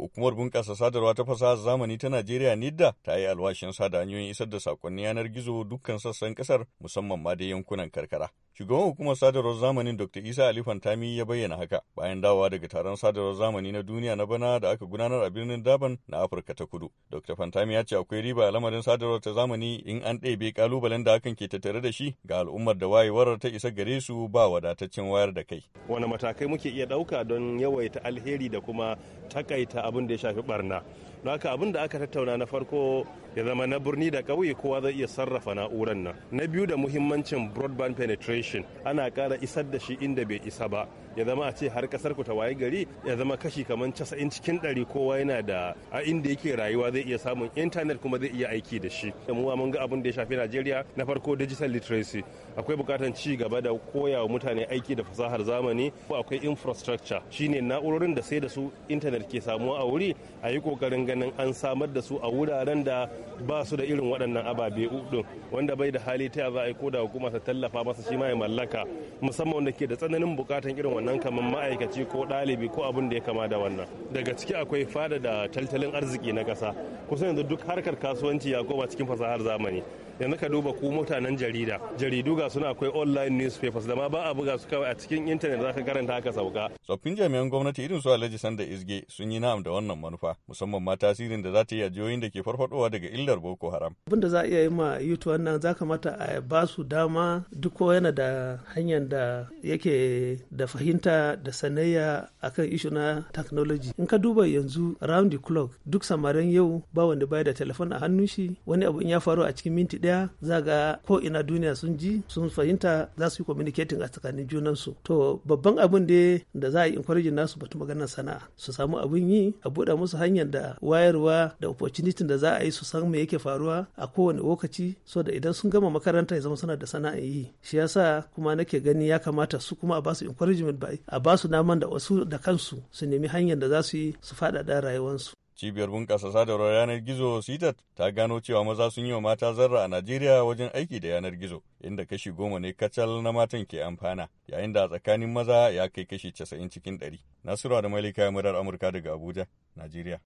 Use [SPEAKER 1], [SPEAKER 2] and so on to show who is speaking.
[SPEAKER 1] Hukumar bunƙasa sadarwa ta fasahar zamani ta Najeriya Nidda ta yi alwashin sada hanyoyin isar da saƙonnin yanar gizo dukkan sassan ƙasar musamman ma da yankunan karkara. Shugaban hukumar sadarwar zamanin Dr. Isa Ali Fantami ya bayyana haka bayan dawowa daga taron sadarwar zamani na duniya na bana da aka gudanar a birnin Daban na Afirka ta Kudu. Dr. Fantami ya ce akwai riba a lamarin sadarwar ta zamani in an ɗebe kalubalen da hakan ke tattare da shi ga al'ummar da wayewar ta isa gare su ba wadataccen
[SPEAKER 2] wayar da kai. Wani matakai muke iya ɗauka don yawaita alheri da kuma takaita abin da ya shafi barna. Don haka abin da aka tattauna na farko ya zama na birni da ƙauye kowa zai iya sarrafa na'urar nan. Na biyu da muhimmancin broadband penetration information ana kara isar da shi inda bai isa ba ya zama a ce har kasar ku ta waye gari ya zama kashi kamar casa'in cikin ɗari kowa yana da a inda yake rayuwa zai iya samun intanet kuma zai iya aiki da shi da mu mun ga abin da ya shafi najeriya na farko digital literacy akwai bukatar ci gaba da koyawa mutane aiki da fasahar zamani ko akwai infrastructure shine na'urorin da sai da su intanet ke samuwa a wuri a yi kokarin ganin an samar da su a wuraren da ba su da irin waɗannan ababe din wanda bai da hali ta za a yi ko da hukuma ta tallafa masa shi ma ya mallaka musamman wanda ke da tsananin bukatan irin wannan kamar ma'aikaci ko ɗalibi ko abin da ya kama da wannan daga ciki akwai fada da tattalin arziki na ƙasa kusan yanzu duk harkar kasuwanci ya koma cikin fasahar zamani yanzu ka duba ku mutanen jarida jaridu ga suna akwai online newspapers da ma ba a buga su kawai a cikin intanet za ka karanta haka sauka tsoffin jami'an gwamnati irin su alhaji sanda izge sun yi na'am da wannan
[SPEAKER 1] manufa musamman ma tasirin da za ta yi a jihohin da ke farfadowa daga illar boko haram
[SPEAKER 3] abin da za a iya yi ma yutu wannan za kamata a ba su dama duk ko yana da hanyar da yake da fahimta da sanayya akan ishu na technology in ka duba yanzu round the clock duk samarin yau ba wanda baya da telefon a hannun shi wani abu in ya faru a cikin minti ɗaya daya za ga ko ina duniya sun ji sun fahimta za su yi communicating a tsakanin junansu to babban abin da da za a yi encouraging nasu batu maganar sana'a su samu abin yi a buɗe musu hanyar da wayarwa da opportunity da za a yi su san me yake faruwa a kowane lokaci so da idan sun gama makaranta ya zama suna da sana'a yi shi yasa kuma nake gani ya kamata su kuma a basu encouragement ba a basu naman da wasu da kansu su nemi hanyar da za su yi su faɗaɗa rayuwarsu
[SPEAKER 1] Cibiyar bunƙasa sadarwar yanar gizo CITAT ta gano cewa maza sun yi wa mata zarra a Najeriya wajen aiki da yanar gizo, inda kashi goma ne kacal na matan ke amfana, yayin da a tsakanin maza ya kai kashi casa'in cikin ɗari. nasiru da Malika ya murar Amurka daga Abuja, Najeriya.